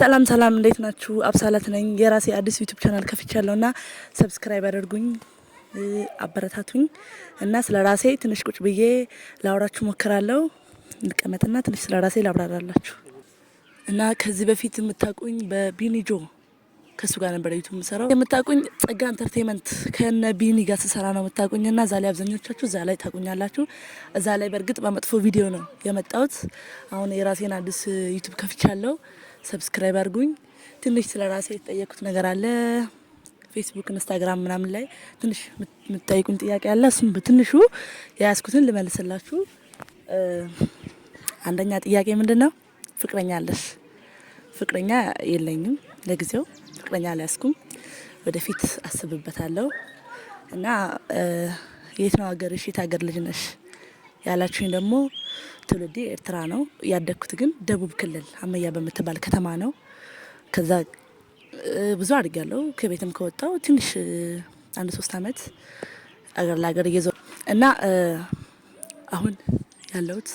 ሰላም ሰላም፣ እንዴት ናችሁ? አብሳላት ነኝ። የራሴ አዲስ ዩቲዩብ ቻናል ከፍቻለሁ እና ሰብስክራይብ አድርጉኝ፣ አበረታቱኝ እና ስለ ራሴ ትንሽ ቁጭ ብዬ ላውራችሁ ሞክራለሁ። እንቀመጥና ትንሽ ስለ ራሴ ላብራራላችሁ እና ከዚህ በፊት የምታውቁኝ በቢኒጆ ከእሱ ጋር ነበር ዩቱብ የምሰራው። የምታውቁኝ ጸጋ ኢንተርቴንመንት ከነ ቢኒ ጋር ስሰራ ነው የምታውቁኝ እና እዛ ላይ አብዛኞቻችሁ እዛ ላይ ታውቁኛላችሁ። እዛ ላይ በእርግጥ በመጥፎ ቪዲዮ ነው የመጣሁት። አሁን የራሴን አዲስ ዩቱብ ከፍቻለሁ። ሰብስክራይብ አድርጉኝ። ትንሽ ስለ ራሴ የተጠየኩት ነገር አለ። ፌስቡክ፣ ኢንስታግራም ምናምን ላይ ትንሽ የምትጠይቁኝ ጥያቄ አለ። እሱም በትንሹ የያዝኩትን ልመልስላችሁ። አንደኛ ጥያቄ ምንድን ነው? ፍቅረኛ አለሽ? ፍቅረኛ የለኝም ለጊዜው፣ ፍቅረኛ አልያዝኩም። ወደፊት አስብበታለሁ እና የት ነው ሀገርሽ? የት ሀገር ልጅ ነሽ? ያላችሁኝ ደግሞ ትውልዴ ኤርትራ ነው። ያደግኩት ግን ደቡብ ክልል አመያ በምትባል ከተማ ነው። ከዛ ብዙ አድርጊያለሁ። ከቤትም ከወጣው ትንሽ አንድ ሶስት አመት አገር ለሀገር እየዞር እና አሁን ያለሁት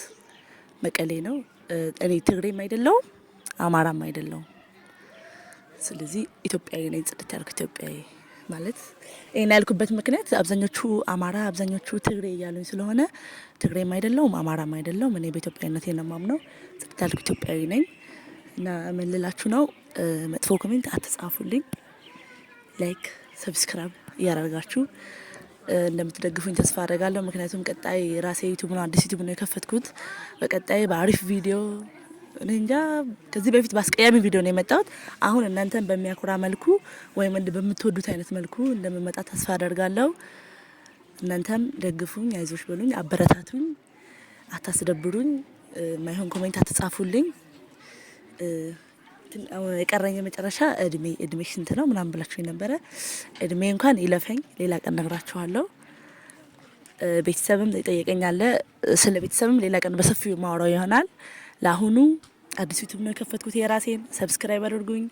መቀሌ ነው። እኔ ትግሬም አይደለሁም አማራም አይደለሁም። ስለዚህ ኢትዮጵያዊ ነኝ፣ ጽድት ያልኩ ኢትዮጵያዊ ማለት ይህን ያልኩበት ምክንያት አብዛኞቹ አማራ አብዛኞቹ ትግሬ እያሉኝ ስለሆነ ትግሬም አይደለውም አማራም አይደለውም። እኔ በኢትዮጵያዊነት ነው የማምነው። ጽድት ያልኩ ኢትዮጵያዊ ነኝ እና ምን ልላችሁ ነው፣ መጥፎ ኮሜንት አትጻፉልኝ። ላይክ ሰብስክራይብ እያደረጋችሁ እንደምትደግፉኝ ተስፋ አደርጋለሁ። ምክንያቱም ቀጣይ ራሴ ዩቱብ ነው አዲስ ዩቱብ ነው የከፈትኩት። በቀጣይ በአሪፍ ቪዲዮ እኔ እንጃ ከዚህ በፊት በአስቀያሚ ቪዲዮ ነው የመጣሁት። አሁን እናንተን በሚያኮራ መልኩ ወይም በምትወዱት አይነት መልኩ እንደምመጣ ተስፋ አደርጋለሁ። እናንተም ደግፉኝ፣ አይዞሽ በሉኝ፣ አበረታቱኝ፣ አታስደብሩኝ፣ ማይሆን ኮሜንት አትጻፉልኝ። የቀረኝ የመጨረሻ እድሜ እድሜ ስንት ነው ምናምን ብላችሁ የነበረ እድሜ እንኳን ይለፈኝ፣ ሌላ ቀን ነግራችኋለሁ። ቤተሰብም ይጠየቀኛል። ስለ ቤተሰብም ሌላ ቀን በሰፊው ማውራው ይሆናል። ለአሁኑ አዲስ ዩቱብ ነው የከፈትኩት የራሴን። ሰብስክራይብ አድርጉኝ፣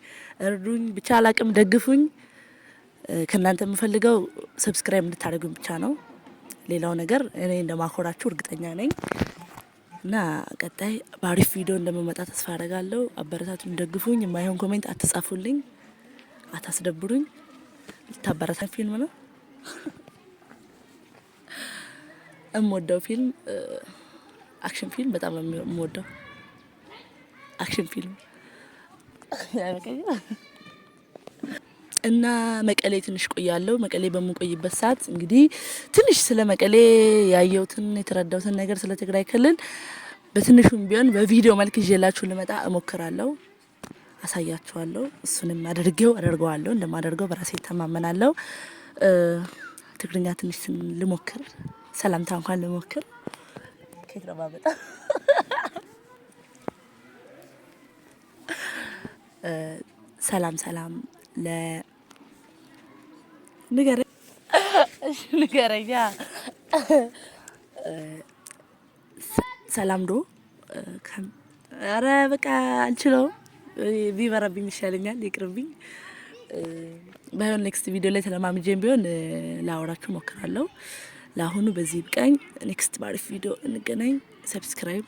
እርዱኝ፣ ብቻ አላቅም፣ ደግፉኝ። ከእናንተ የምፈልገው ሰብስክራይብ እንድታደርጉኝ ብቻ ነው። ሌላው ነገር እኔ እንደማኮራችሁ እርግጠኛ ነኝ እና ቀጣይ በአሪፍ ቪዲዮ እንደመመጣ ተስፋ አደርጋለሁ። አበረታቱኝ፣ ደግፉኝ። የማይሆን ኮሜንት አትጻፉልኝ፣ አታስደብሩኝ። ልታበረታኝ ፊልም ነው እምወደው ፊልም አክሽን ፊልም በጣም ነው የምወደው። አክሽን ፊልም እና መቀሌ ትንሽ ቆያለሁ። መቀሌ በምቆይበት ሰዓት እንግዲህ ትንሽ ስለ መቀሌ ያየሁትን የተረዳሁትን ነገር ስለ ትግራይ ክልል በትንሹም ቢሆን በቪዲዮ መልክ ይዤላችሁ ልመጣ እሞክራለሁ፣ አሳያችኋለሁ። እሱንም አድርጌው አደርገዋለሁ፣ እንደማደርገው በራሴ ይተማመናለሁ። ትግርኛ ትንሽ ልሞክር፣ ሰላምታ እንኳን ልሞክር። ነው ሰላም ሰላም ለ ንገረኛ ሰላም ዶ ኧረ በቃ አልችለውም። ቢበረብኝ ይሻለኛል፣ ይቅርብኝ። ባይሆን ኔክስት ቪዲዮ ላይ ተለማምጄም ቢሆን ላወራችሁ ሞክራለሁ። ለአሁኑ በዚህ ብቃኝ። ኔክስት ባሪፍ ቪዲዮ እንገናኝ። ሰብስክራይብ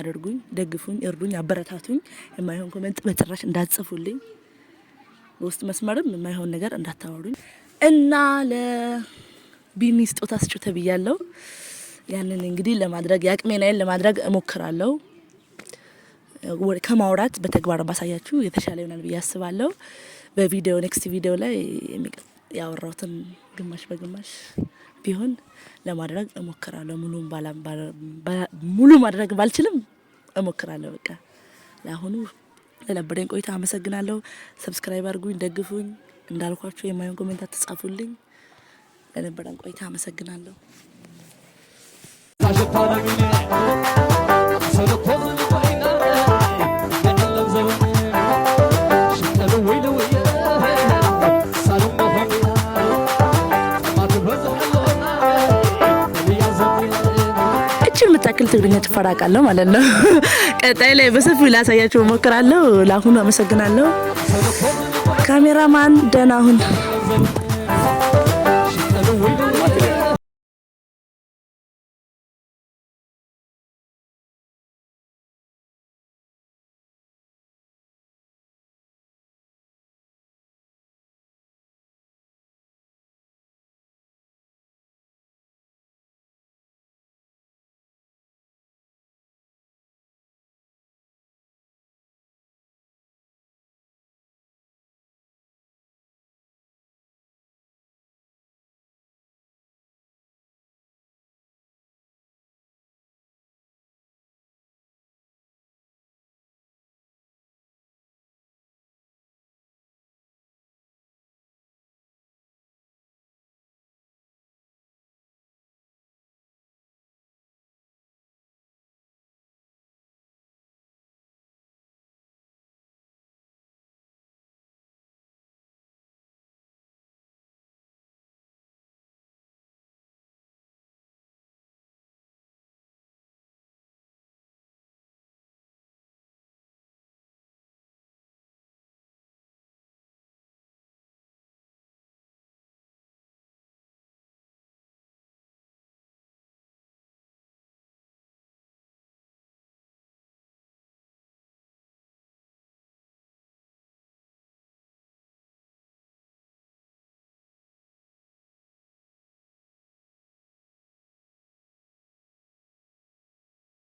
አድርጉኝ፣ ደግፉኝ፣ እርዱኝ፣ አበረታቱኝ። የማይሆን ኮመንት በጭራሽ እንዳትጽፉልኝ፣ በውስጥ መስመርም የማይሆን ነገር እንዳታወሩኝ እና ለቢኒ ስጦታ ስጪው ተብያለሁ። ያንን እንግዲህ ለማድረግ የአቅሜን ያህል ለማድረግ እሞክራለሁ። ከማውራት በተግባር ባሳያችሁ የተሻለ ይሆናል ብዬ አስባለሁ። በቪዲዮ ኔክስት ቪዲዮ ላይ የሚቀጥል ያወራሁትን ግማሽ በግማሽ ቢሆን ለማድረግ እሞክራለሁ። ሙሉ ማድረግ ባልችልም እሞክራለሁ። በቃ ለአሁኑ ለነበረኝ ቆይታ አመሰግናለሁ። ሰብስክራይብ አድርጉኝ፣ ደግፉኝ። እንዳልኳቸው የማየን ኮሜንታት ተጻፉልኝ ለነበረን ቆይታ አመሰግናለሁ። ይችን የምታክል ትግርኛ ጭፈራ አውቃለሁ ማለት ነው። ቀጣይ ላይ በሰፊው ላሳያቸው እሞክራለሁ። ለአሁኑ አመሰግናለሁ። ካሜራማን ደህና አሁን?